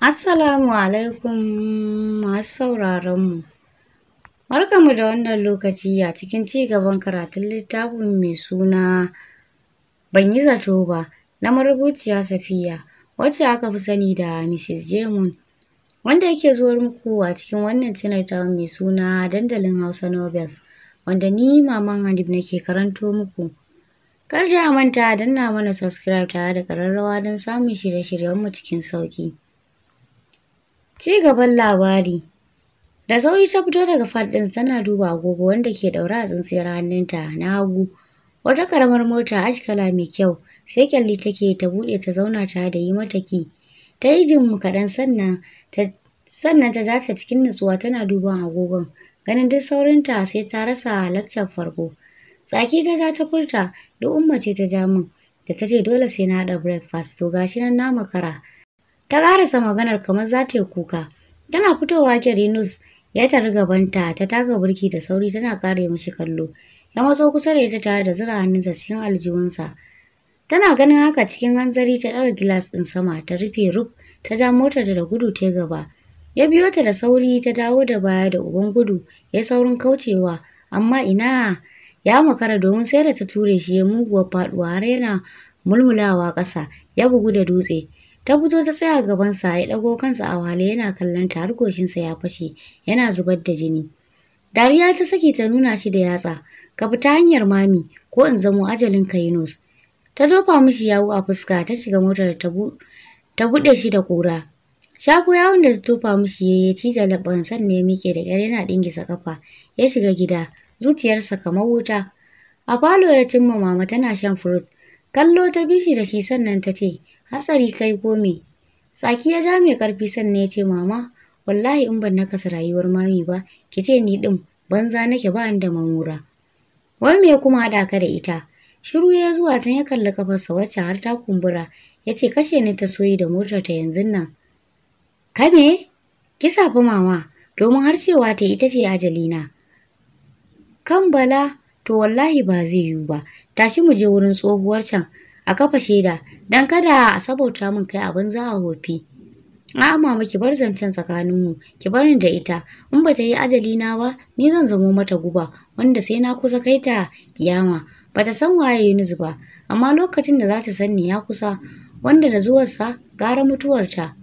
Assalamu alaikum masu sauraronmu. mu da wannan lokaci a cikin ci gaban karatun littafin mai suna Ban yi zato ba na marubuciya Safiya wacce aka fi sani da Mrs. Jemun wanda yake zuwar muku a cikin wannan cinarta mai suna dandalin Hausa Novels wanda ni Maman Hadib nake karanto muku. Kar da manta danna mana subscribe tare da ƙararrawa don samun shirye-shiryenmu cikin sauƙi. Ci gaban labari. Da sauri ta fito daga fat tana duba agogo wanda ke ɗaure a tsintsiyar hannunta na hagu. Wata karamar mota ash kala mai kyau sai kyalli take ta buɗe ta zauna tare da yi mata ki. Ta yi jin mu kaɗan sannan ta sannan ta zata cikin nutsuwa tana duban agogon ganin duk saurinta sai ta rasa laccar farko. Tsaki ta ja ta furta duk umma ce ta ja min da ta ce dole sai na haɗa breakfast to gashi nan na makara. Ta ƙarasa maganar kamar za ta yi kuka. Tana fitowa kerenus ya tari gabanta ta taka burki da sauri tana kare mishi kallo. Ya matso kusa da ita tare da zura hannunsa cikin aljihunsa. Tana ganin haka cikin hanzari ta ɗaga gilas ɗin sama ta rufe rub ta ja motar da gudu ta gaba. Ya biyo ta da sauri ta dawo da baya da uban gudu ya saurin kaucewa amma ina ya makara domin sai da ta ture shi ya muguwar faɗuwa har yana mulmulawa ƙasa ya bugu da dutse. Ta fito ta tsaya gabansa ya ɗago kansa a wale yana kallon ta har goshinsa ya fashe yana zubar da jini. Dariya ta saki ta nuna shi da yatsa, ka bi ta hanyar mami ko in zamo ajalin ka Ta dofa mishi yawu a fuska ta shiga motar ta buɗe shi da ƙura. shako yawon da ta tofa mishi ya yi cije laɓan sannan ya miƙe da ƙyar yana ɗingisa ƙafa ya shiga gida zuciyarsa kamar wuta. A falo ya cimma mama tana shan furut. Kallo ta bishi da shi sannan ta ce, hatsari kai ko me? Tsaki ya ja mai ƙarfi sannan ya ce mama wallahi in ban nakasa rayuwar mami ba ki ce ni ɗin banza nake ba da mamura. Wai me kuma haɗa ka da ita? Shiru ya zuwa tan ya kalli kafarsa wacce har ta kumbura ya ce kashe ni ta soyi da motar ta yanzu nan. Ka me? Kisa fa mama domin har cewa ta ita ce ajalina. Kan bala to wallahi ba zai yiwu ba tashi mu je wurin tsohuwar can a kafa shaida dan kada a sabauta min kai abin za a hofi a'a mama ki bar zancen tsakaninmu ki barin da ita in ba ta yi ajali na ba ni zan zamo mata guba wanda sai na kusa kai ta kiyama ba ta san waye Yunus ba amma lokacin da za ta san ni ya kusa wanda da zuwarsa gara mutuwarta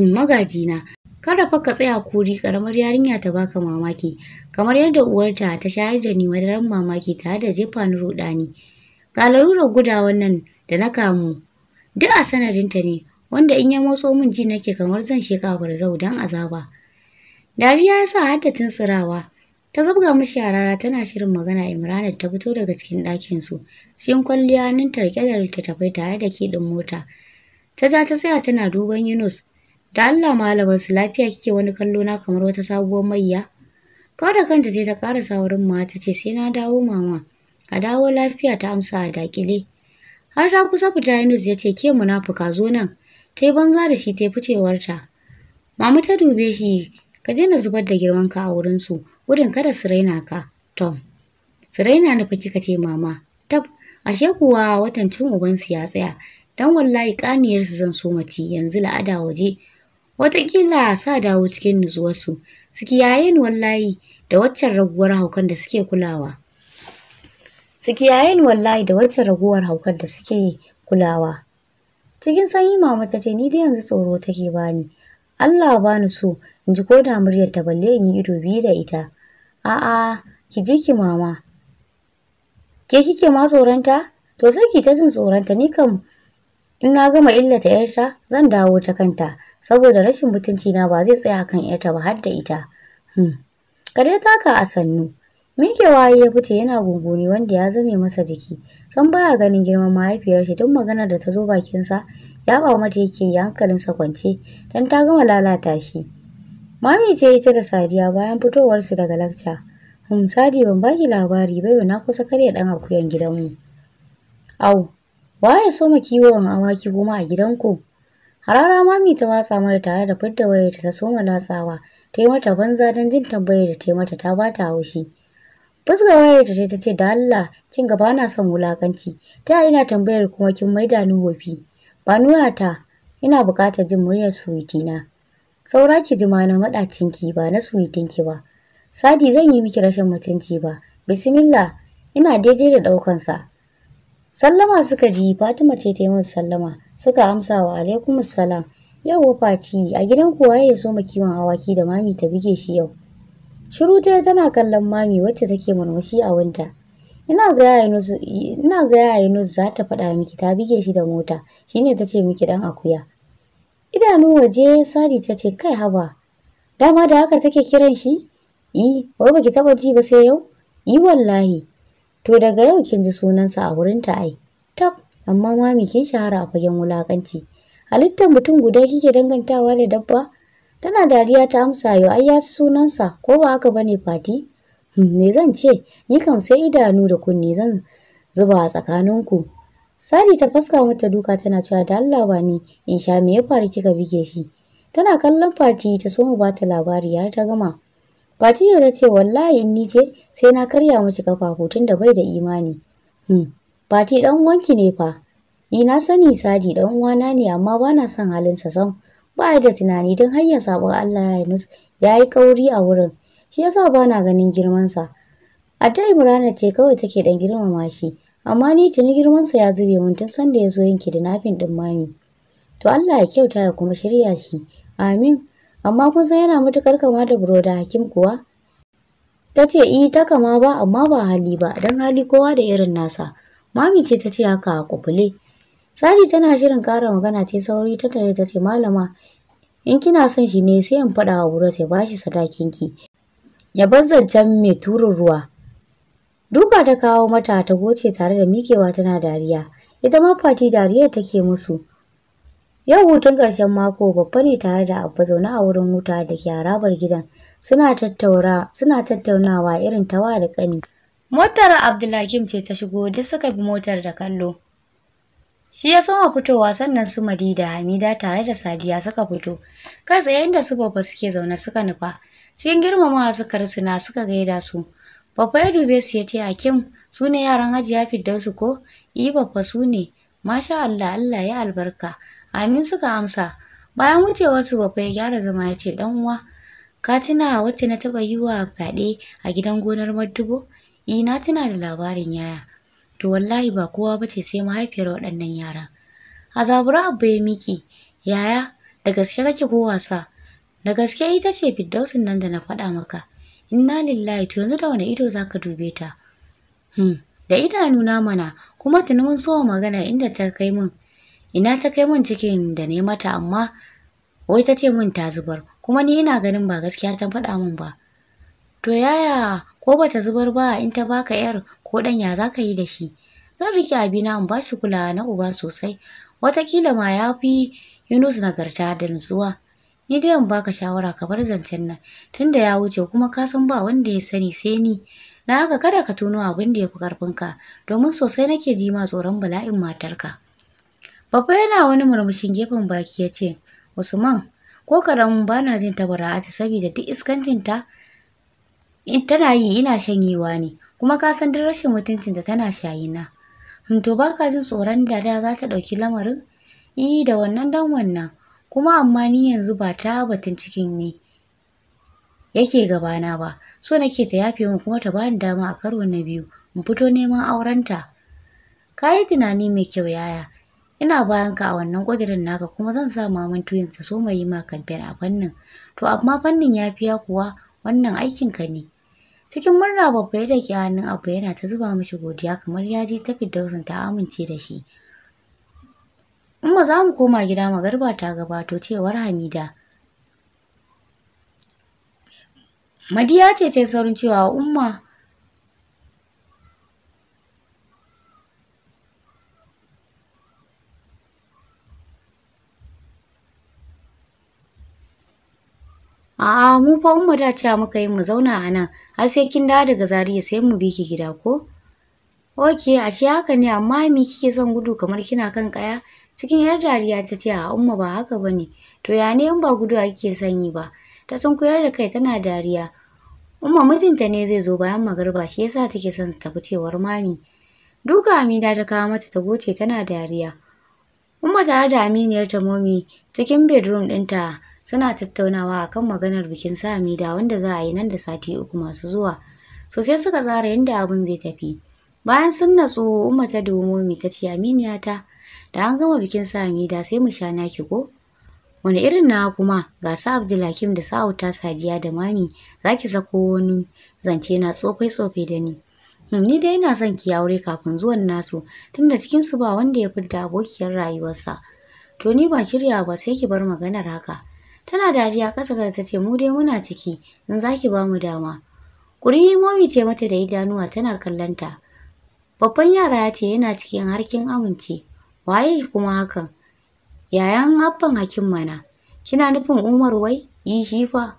hmm, magajina kada fa ka tsaya kuri karamar yarinya ta baka mamaki kamar yadda uwarta ta shayar da ni madaran mamaki tare da jefa ni rudani ga larurar guda wannan da na kamu duk a sanadinta ne wanda in ya motso min ji nake kamar zan sheka barzau don azaba. Dariya ya sa haddatin tsirawa ta zabga mishi yarara tana shirin magana Imrana ta fito daga cikin ɗakin su cikin kwalliya nin ta rike da littattafai tare da ke ɗin mota. Ta ja ta tsaya tana duban Yunus da Allah malaman su lafiya kike wani kallo na kamar wata sabuwar mayya. kawo da kanta ta ƙara sawarin ma ta ce sai na dawo mama. A dawo lafiya ta amsa a daƙile. Har ta kusa fita Yunus ya ce ke munafuka zo nan. Ta yi banza da shi ta yi ta. Mamu ta dube shi ka daina zubar da girmanka a wurinsu gudun kada su raina ka Tom. Su raina na fa kika ce mama tab ashe kuwa watan cin ubansu ya tsaya dan wallahi ƙaniyarsu zan so mace yanzu la'ada waje Wataƙila sa dawo cikin nutsuwarsu, su kiyaye ni wallahi da waccan raguwar haukan da suke kulawa. Su yayin wallahi da wacce raguwar haukar da suke kulawa. Cikin sanyi mama ta ce ni dai yanzu tsoro take bani. Allah bani so in ji ko da muryar ta balle in yi ido biyu da ita. A'a ki je ki mama. Ke kike ma tsoronta? To sai ki ta jin tsoronta ni kam in na gama illata yarta zan dawo ta kanta saboda rashin mutunci na ba zai tsaya kan yarta ba har da ita. Hmm. Ka dai taka a sannu. waye ya fice yana gunguni wanda ya zame masa jiki. San baya ganin girman mahaifiyar shi duk maganar da ta zo bakinsa ya ba mata yake yi hankalinsa kwance dan ta gama lalata shi. Mami ce ita da Sadiya bayan fitowar su daga lakca. Hum Sadi ban baki labari ba yau na kusa karya dan akuyan gidanmu. Au, waye so mu kiwon awaki goma a gidanku? Harara mami ta watsa mata tare da fidda wayarta ta soma latsawa ta mata banza don jin tambayar da ta yi mata ta bata haushi. fuska wayar da ta ce da Allah kin gaba na son wulakanci. Ta ina tambayar kuma kin maida ni wofi. Ba nuna ta ina buƙatar jin muryar suwiti Saura ki jima na maɗacinki ba na suwitinki ba. Sadi zan yi miki rashin mutunci ba. Bismillah ina daidai da ɗaukansa. Sallama suka ji Fatima ce ta yi musu sallama suka amsa wa alaikumus salam. Yau Fati a gidan kuwa ya so kiwon awaki da mami ta buge shi yau. Shiru ta tana kallon mami wacce take murmushi a wunta. Ina ga yaya Yunus za ta faɗa miki ta bige shi da mota shine ta ce miki dan akuya. Idanu waje Sadi ta ce kai haba dama da haka take kiran shi? yi wai baki taɓa ji ba sai yau? I wallahi. To daga yau kin ji sunansa a wurin ta ai. Tab, amma mami kin shahara a fagen wulakanci. Halittar mutum guda kike dangantawa da dabba? Tana dariya ta amsa yau ai ya sunansa ko ba haka bane Fati? Hmm, me zan ce? Ni kam sai idanu da kunni zan zuba a tsakaninku. Sadi ta faska mata duka tana cewa da Allah ba ni in sha me ya faru kika bige shi. Tana kallon Fati ta so mu bata labari har ta gama. Fati ya ce wallahi in ni ce sai na karya miki kafafu da bai da imani. Hmm. Fati dan wanki ne fa. Ni na sani Sadi dan uwana ne amma bana son halinsa sam. ba da tunani don hanyar sabon Allah ya nus ya yi kauri a wurin shi yasa ba na ganin girmansa A Adda Imrana ce kawai take dan girmama shi amma ni tuni girmansa ya zube mun tun sanda ya zo yin kidnapping din mami to Allah ya kyauta ya kuma shirya shi amin amma kun san yana matukar kama da broda Hakim kuwa ta ce i eh, ta kama ba amma ba hali ba don hali kowa da irin nasa mami ce ta ce haka a kufule Sadi tana shirin kara magana ta sauri ta tare ta ce malama in kina son shi ne sai in faɗa wa Buros ya bashi ki. Ya bar zancen mai turin ruwa. Duka ta kawo mata ta goce tare da mikewa tana dariya. Ita ma fati dariya take musu. Yau hutun ƙarshen mako babba ne tare da Abba zaune a wurin wuta da ke harabar gidan. Suna tattaunawa irin tawa da ƙani. Motar Abdulhakim ce ta shigo duk suka bi motar da kallo. Shi ya soma fitowa sannan su Madida Hamida tare da Sadiya suka fito. Kai tsaye inda su babba suke zaune suka nufa. Cikin girmamawa suka rusuna suka gaida su. Babba ya dube su ya ce Hakim su ne yaran Hajiya Firdausu ko? Yi eh, babba su ne. Masha Allah Allah ya albarka. Amin suka amsa. Bayan su babba ya gyara zama ya ce dan uwa ka tuna wacce na taba yi wa fyaɗe a gidan gonar maddubo I eh, na tuna da labarin yaya. to wallahi ba kowa bace sai mahaifiyar waɗannan yara. A zabura Abba ya miki, yaya da gaske kake ko wasa? Da gaske ita ce Fiddausin nan da na faɗa maka. Inna lillahi to yanzu da wani ido za ka dube ta? Hmm, da idanuna mana kuma tuni mun so magana inda ta kai mun. Ina ta kai mun cikin da ne mata amma wai ta ce mun ta zubar kuma ni ina ganin ba gaskiya ta faɗa min ba. To yaya ko bata zubar ba in ta baka yar ko ɗanya ya zaka yi da shi zan rike abina in bashi kulawa na uba sosai watakila ma ya fi Yunus nagarta da nutsuwa ni dai in baka shawara ka bar zancen nan tunda ya wuce kuma ka san ba wanda ya sani sai ni na haka kada ka tuno abin da ya fi karfinka domin sosai nake ji ma tsoron bala'in matarka babba yana wani murmushin gefen baki ya ce usman ko karamin ba na jin ta bara'ati saboda duk iskancinta in tana yi ina shanyewa ne kuma ka san duk rashin mutuncin da tana shayina hmm, to ba ka jin tsoron da da za ta ɗauki lamarin yi eh, da wannan dan wannan kuma amma ni yanzu ba ta batun cikin ne yake gabana ba so nake ta yafe min kuma ta ba ni dama a karo na biyu in fito neman aurenta ka yi tunani mai kyau yaya ina bayan ka a wannan ƙudurin naka kuma zan sa maman tuyin ta so mai yi ma kamfen a fannin to amma fannin yafiya kuwa wannan aikin ka ne. Cikin murna babba ya dake hannun abu yana ta zuba mishi godiya kamar ya ji ta fiddausun ta amince da shi. Umma za mu koma gida magarba ta gabato cewar Hamida. Madiya ce ta saurin cewa Umma A'a mu fa umma da ce muka yi mu zauna a nan har sai kin dawo daga Zariya sai mu bi ki gida ko? Oke a ce haka ne amma mi kike son gudu kamar kina kan kaya? Cikin yar dariya ta ce a umma ba haka bane. To ya ne in ba gudu kike son yi ba? Ta koyar da kai tana dariya. Umma mijinta ne zai zo bayan magarba shi yasa take son ta tafi cewar mami. Duka Amina ta kawo mata ta goce tana dariya. Umma ta da aminiyar ta momi cikin bedroom ɗinta suna tattaunawa akan maganar bikin samida wanda za a yi nan da sati uku masu zuwa. Sosai sai suka tsara yadda abin zai tafi. Bayan sun natsu Umma ta domomi ta ce Aminiya ta da an gama bikin samida sai mu sha naki ko? Wani irin na kuma ga sa Abdulhakim da Sa'auta Sadiya da Mami za ki sako wani zance na tsofai-tsofai da ni. Hmm, ni dai ina son ki aure kafin zuwan nasu tunda cikin su ba wanda ya fidda abokiyar rayuwarsa. To ni ba shirya ba sai ki bar maganar haka. Tana dariya ƙasa ƙasa ta ce mu dai muna ciki in za ki ba mu dama. Ƙuri momi ce mata da idanuwa tana kallonta. Babban yara ya ce yana cikin harkin amince. Waye kuma hakan? Yayan abban hakim mana. Kina nufin Umar wai? Yi shi fa.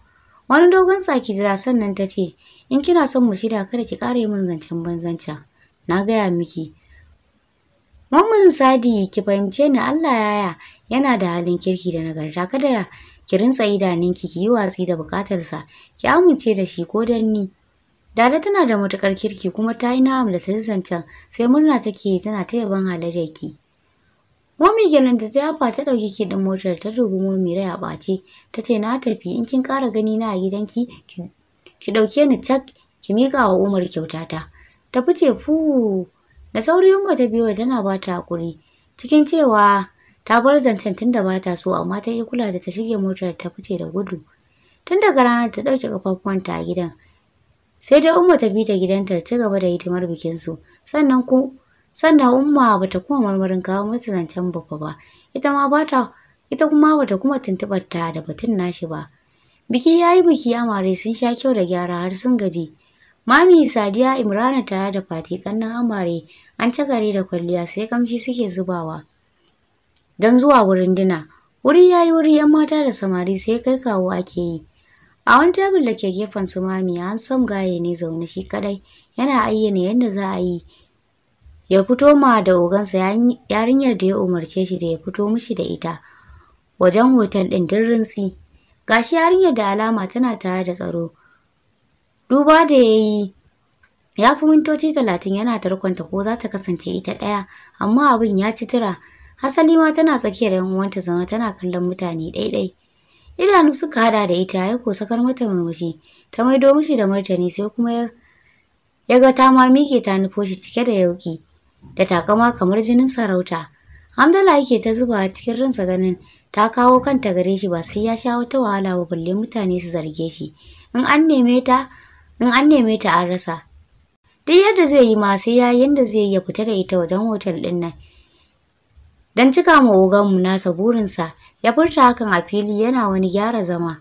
Wani dogon tsaki da sannan ta ce, In kina son mu shida kada ki ƙara min zancen banzancen Na gaya miki. Mamman Sadi ki fahimce ni Allah yaya yana da halin kirki da nagarta kada ki rinsa idanunki ki yi watsi da bukatarsa ki amince da shi ko dan ni Dada tana da matukar kirki kuma ta yi na'am da tazzancan zancen sai murna take tana ta yaban halayyar ki. Mami gelin da ta ta ɗauki ke din motar ta dubi mami rai a bace ta ce na tafi in kin kara gani na a gidan ki ki ɗauke ni tak ki mika wa Umar kyautata. Ta fice fu da sauri ta biyo tana ba ta hakuri cikin cewa Ta bar zancen tunda ba ta so amma ta yi kula da ta shige motar ta fice da gudu. Tun daga ranar ta ɗauke ƙafafuwanta a gidan. Sai dai Umma ta bi ta gidanta ta ci gaba da hidimar bikinsu. Sannan ku sannan Umma ba ta kuma marmarin kawo mata zancen babba ba. Ita ma ba ta ita kuma ba ta kuma tuntuɓar ta da batun nashi ba. Biki ya yi biki amare sun sha kyau da gyara har sun gaji. Mami Sadiya Imrana ta da Fati kannan amare an cakare da kwalliya sai kamshi suke zubawa. don zuwa wurin dina. Wuri ya yi wuri ‘yan mata da samari sai kai kawo ake yi. A wani tabul da ke gefen su mami an sam gaye ne zaune shi kadai yana ayyana yadda za a yi ya fito ma da ogansa yarinyar da ya umarce shi da ya fito mishi da ita wajen hotel ɗin dirrinsi. Gashi yarinyar da alama tana tare da tsaro. Duba da ya yi ya fi mintoci talatin yana tarkonta ko za ta kasance ita ɗaya amma abin ya ci tira Hasali ma tana tsakiyar ‘yan uwanta zama tana kallon mutane ɗaiɗai. Idanu suka haɗa da ita ya ko sakar mata murmushi ta maido mishi da martani sai kuma ya ga ta ma mike ta nufo shi cike da yauƙi da takama kamar jinin sarauta. Hamdala yake ta zuba a cikin ransa ganin ta kawo kanta gare shi ba sai ya sha wata wahala wa balle mutane su zarge shi. In an neme ta, in an neme ta an rasa. Duk yadda zai yi ma sai ya yanda zai ya fita da ita wajen hotel ɗin nan. dan cika ma oganmu nasa burinsa, ya furta hakan a fili yana wani gyara zama.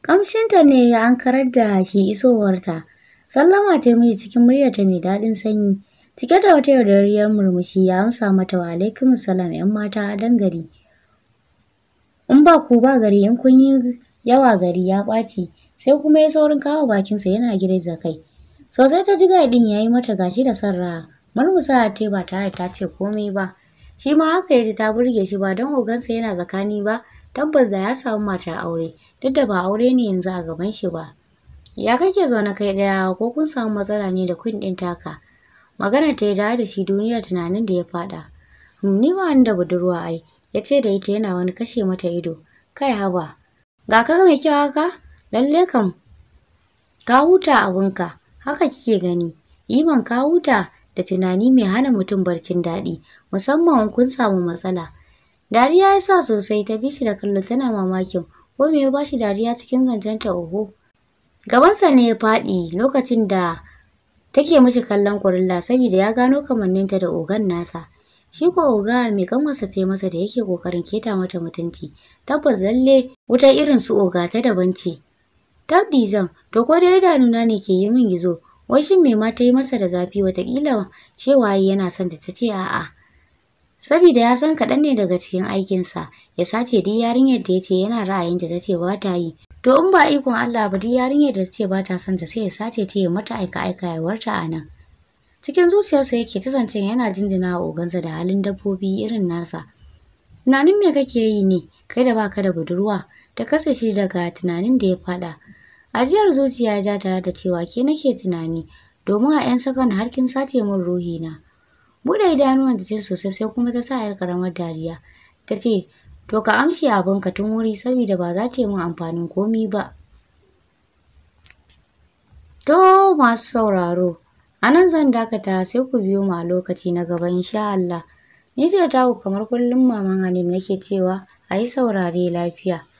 Kamshinta ne ya ankarar da shi isowarta. Sallama ta mai cikin muryarta mai daɗin sanyi. Cike da wata yaudariyar murmushi ya amsa mata wa alaikum salam ‘yan mata a gari In ba ku ba gari in kun yi yawa gari ya ɓaci sai kuma ya saurin kawo bakinsa yana gida zakai Sosai ta ji gaɗin ya yi mata gashi da sarra Murmusawa ta ba ta da ta ce komai ba. Shi ma haka ya ta burge shi ba don ogansa yana zakani ba, tabbas da ya samu matar aure, duk da ba aure ne yanzu a gaban shi ba. Ya kake zaune kai ɗaya ko kun samu matsala ne da kun ɗin taka? Magana ta yi dawo da shi duniyar tunanin da ya faɗa. Hmm, ni ba da budurwa ai, ya ce da ita yana wani kashe mata ido. Kai haba, ga ka mai kyau haka? Lalle kam, ka huta abinka, haka kike gani. Iman ka huta, da tunani mai hana mutum barcin daɗi, musamman kun samu matsala. Dariya ya sa sosai ta bi da kallo tana mamakin ko me ya bashi dariya cikin zancen ta oho. Gabansa ne ya faɗi lokacin da take mishi kallon kurilla saboda ya gano kamanninta da ogan nasa. Shi ko oga mai kanwarsa ta yi masa da yake kokarin keta mata mutunci. Tabbas lalle wuta irin su oga ta daban ce. Tabdi to ko da idanuna ne ke yi min gizo, Wai shin me ma ta yi masa da zafi wataƙila cewa yana son ta ta ce a'a. Sabida ya san kaɗan ne daga cikin aikinsa, ya sace duk yarinyar da ya ce yana ra'ayin da ta ce ba ta yi. To in ba ikon Allah ba duk yarinyar da ta ce ba ta son ta sai ya sace ta ya mata aika-aika ya warta a nan. Cikin zuciyarsa yake ta zance yana jinjina wa ogansa da halin dabbobi irin nasa. Tunanin me kake yi ne, kai da baka da budurwa, ta katse daga tunanin da ya faɗa. Ajiyar zuciya ja tare da cewa ke nake tunani domin a 'yan sakan har kin sace min ruhina. Buɗe idanuwan ta sosai sai kuma ta sa 'yar karamar dariya. Ta ce, To ka amshi ka tun wuri saboda ba za ta yi min amfanin komi ba. To masu sauraro, a nan zan dakata sai ku biyo mu a lokaci na gaba insha Allah. Ni ce taku kamar kullum Maman Halim nake cewa a yi saurare lafiya.